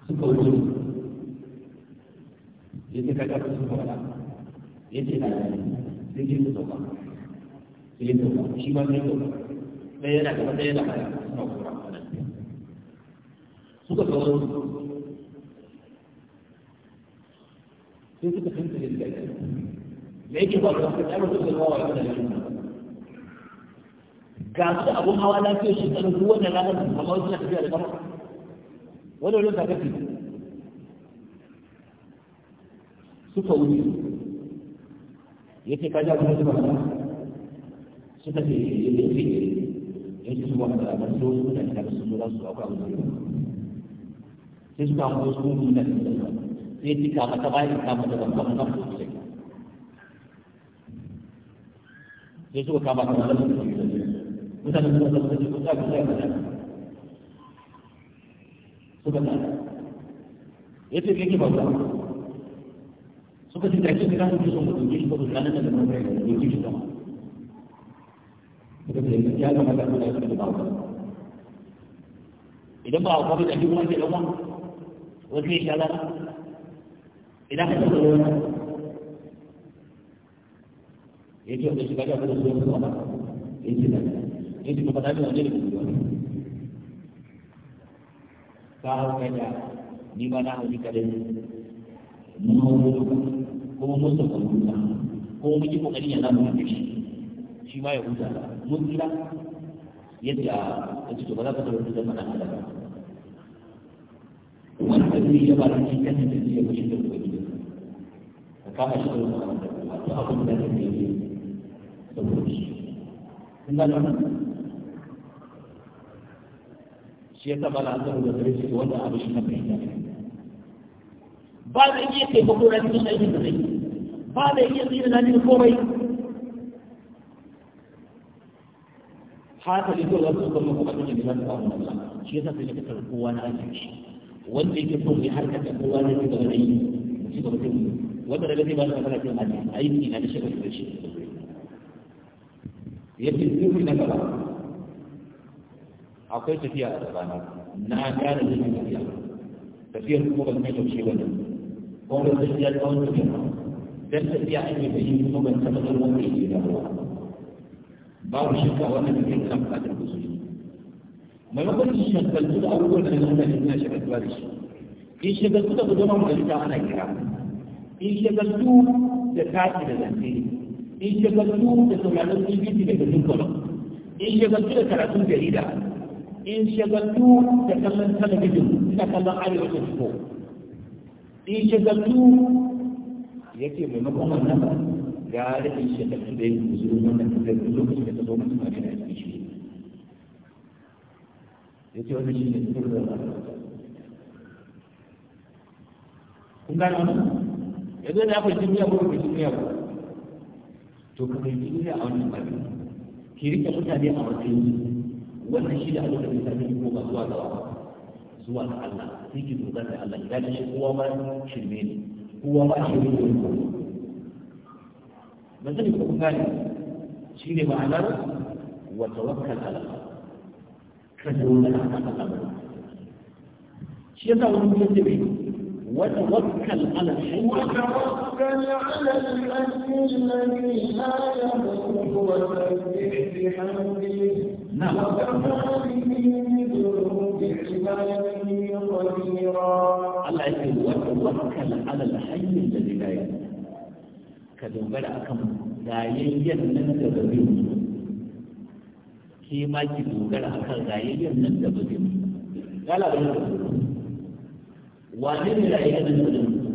suka wuce ya ce kaga su suka wada ya ce na yi ya ce shi ma ya ɗaya yana gaba ɗaya da haya suna kura a nan suka kawo sai suka fahimta da ɗaya da yake ba su da ɗaya da ruwa wa da ga su abun hawa lafiyar shi tsarin ruwan da ranar amma wasu na tafiya da kama wani wani zagafi suka wuce ya ce ka ja kuma suka suka ce ya ce ya ji zuwa kalamar da wasu mutane da su zo za su kawo abin da ya sai su kawo wasu mutane da su sai ci ka mata bayan ka mata ban ban ban su sai sai suka kama ta wani mutane da suka zama da suka zama da suka zama ya ce yake ba suka ci da ake kira su ke son mutum ke shi ba su kanan da da mutum ke shi kama yang kita bawa kami dari rumah ke rumah, lagi jalan. Ida kata orang, ini dia mesti kaya pada semua orang. Ini dia, ini kita kepada dia jadi kedua. Kau kaya di mana di kalian? Mau kau musuh kau musuh, kau mesti kau kini yang dalam hati. shi ma ya mun kira yadda ya ce ba za ka taɓa fitar mana hada ba wannan ne ya ba shi kan da ya wuce da kuma gidan ka kama shi da wani wato abin da ka yi da kuma shi kun nan shi ya taɓa da asar da zai wanda abin shi na fahimta ba zai iya taimako na cikin aikin da zai ba zai iya tsira na cikin komai haka ne kawai wasu kuma kuma ne da zan kawo masa shi yasa sai ka tsara kowa na aikin shi wanda yake so ne harkar da kowa ne da wani yi shi ba mutum wanda daga zai ba ka fara cewa aiki na da shi ba shi yadda zuri na gaba akwai tafiya a tsakanin na ƙara zai tafiya tafiyar kuma ban kai taushe wani kuma ban tafiya ta wani tafiya dan tafiya ake da yi kuma ban taɓa zama mai ke da ruwa babu shakka wannan da zai kamfa da musulmi maimakon su shagaltu da abubuwan da nan da suna shagaltuwa da shi in shagaltu da gudanar majalisa ana kira in shagaltu da tashi da zance in shagaltu da sauraron bibiti daga dukkan in shagaltu da karatun jarida in shagaltu da kallon talabijin ina kallon arewa da in shagaltu ya ce maimakon wannan ga rikin shi da da yake zuru wannan da zai lokacin da ta zo mutum a gina cikin shi ya ce wannan shi ne cikin da kun gane wannan yanzu da ya fahimci miya ko fahimci miya ko to ka fahimci miya a wannan bari ki rike mutane a matsayin wannan shi da abin da mutane ko ba zuwa zuwa ga Allah sai ki dogara da Allah idan shi kowa ma shirme ne kowa shirme ne ba zai ku gane shi وتوكل على الله tawakkal ala Allah ka dole a وتوكل على الحي وتوكل على الحي الذي لا يموت وسبح بحمده نعم وكفى به بذنوب عباده خبيرا الله وتوكل على الحي الذي لا يموت ka dogara kan gayayyen nan da ba zai ke ma ki dogara akan gayayyen nan da ba zai gala ba wane ne gayayyen nan da zai mutu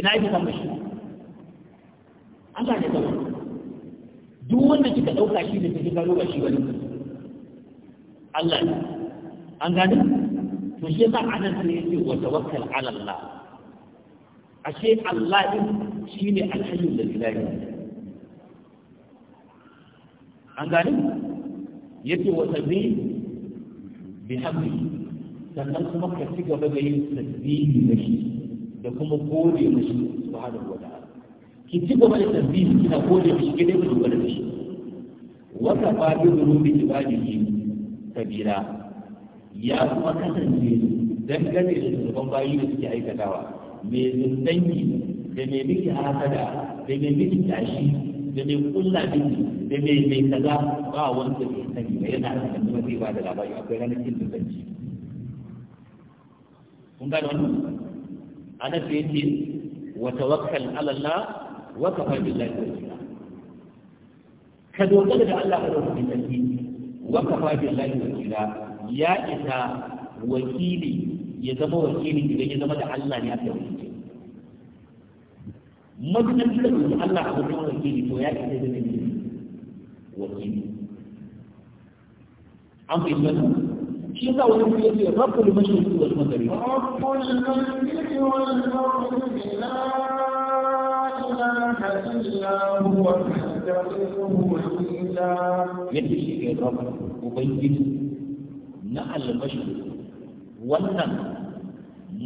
ina yi kan mashi Allah ne kawai duk wanda kika ɗauka shi ne kika gano ba shi wani Allah an gani to shi yasa anan sai yake wa tawakkal ala Allah ashe Allah din shine alhayyul ladhi an gani yace wata sabbi bi hamdi sannan kuma ka ci gaba da yin tasbihi da shi da kuma gode mishi subhanahu wa ta'ala ki ci gaba da tasbihi kina gode mishi kina gode da shi wa ka fa ki ba ibadihi kabira ya kuma kasance dangane da zuban bayi da suke aikatawa mai zundanki da mai miki hasada da mai miki tashi da mai kulla miki da mai mai kaza ba wanda ke sani ba yana da kuma zai ba da labari akwai ranar cin zundanci kun gane wannan anas ce wa tawakkal ala Allah wa kafa billahi wakila ka dogara da Allah ka dogara da Allah wa kafa billahi wakila ya isa wakili ya zama wakili idan ya zama da Allah ne aka wakili matuƙar da roƙi Allah a wajen wakili to ya isa da ne wakili an fi zama shi yasa wani kuma yake rabbul mashriqi wal magharibi rabbul mashriqi wal maghribi la ilaha illa huwa fahdahu ila yadda shi ke rabbul ubangiji na al-mashriqi wannan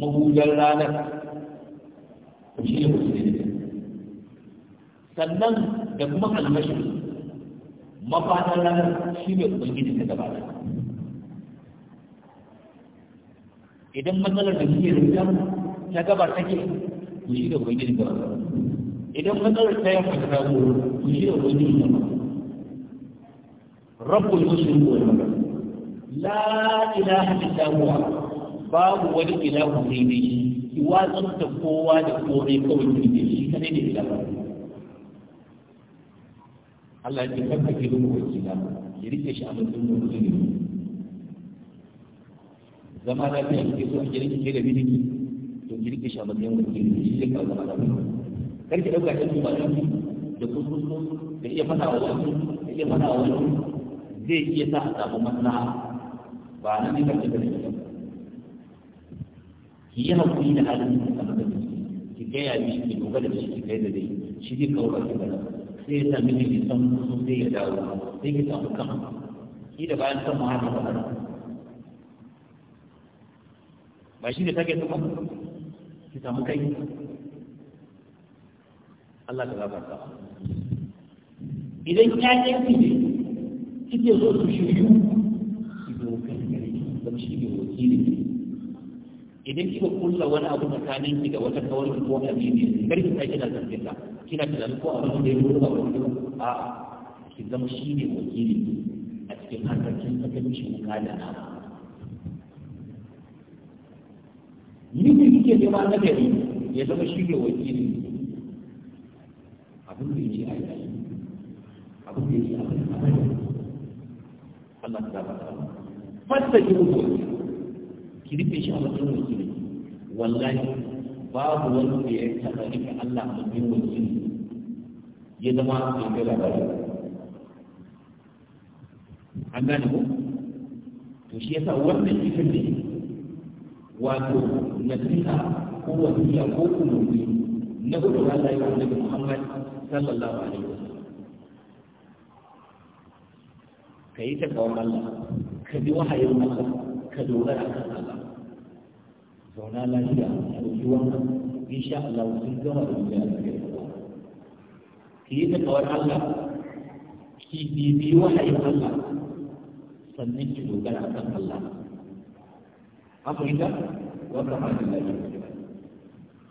mahujar ranar ku shi musulmi sannan da kuma kalmashin mafaɗar ranar shi ne ubangiji ta gaba idan matsalar da kuke rikon ta gaba take ku shi da ubangiji gaba idan matsalar ta yamma ta samu ku shi da ubangiji gaba rabbul mushrikin wal maghrib la ilaha illa huwa babu wani ilahu sai dai shi ki watsar da kowa da komai kawai da da shi kane da ilahu Allah ya kanka ki rubu wakila ya rike shi a matsayin mutum zama lafiya kike so a gidan kike da bidiki to ki rike shi a matsayin ne shi zai kawo zama lafiya kar ki dauka ɗan ba da kuskusu da iya fada wa wani da iya fada wa wani zai iya sa a samu maslaha ba nan ne kake da ki yi haƙuri da halin da ka maka ki gaya mi ki dogara da shi ki da dai shi zai kawo ka da sai ya sami ne san su sai ya dawo sai ki samu kama ki da bayan san da ba ba shi da take tuka ki samu kai Allah ka gafarta idan ƴaƴan ki ne kike zo su shiryu ki dogara da shi ki wakili idan kika kulla wani abu tsakanin ki da wata kawar ko ne kar ki sake da ka kina tunanin ko abu da yake yi ba wani a ki zama shi ne wakili a cikin harkokin sakamci ka da na ne kike nema na gari ya zama shi ne wakili abin da yake a yi abin da yake a yi Allah ta ba ta fasta ki mutuwa ki rufe shi a matsayin wakili wallahi babu da ya taɓa rike Allah a matsayin wakili ya zama ya ga labari an gane ko to shi yasa wannan cikin ne wato nasiha ko wasiya ko umarni na gudu Allah ya annabi Muhammad sallallahu alaihi wasallam ka yi ta kawo Allah ka bi wahayin Allah ka dogara zauna lafiya ɗauki wannan insha Allah sun gama da duniya da kai ki yi takawar Allah ki bibi wahayin Allah sannan ki dogara kan Allah an fahimta wannan hannun lafiya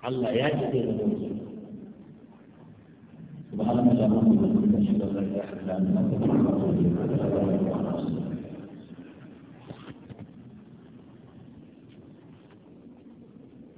Allah ya ce zai zama wasu سبحانك اللهم وبحمدك اشهد ان لا اله الا انت استغفرك واتوب اليك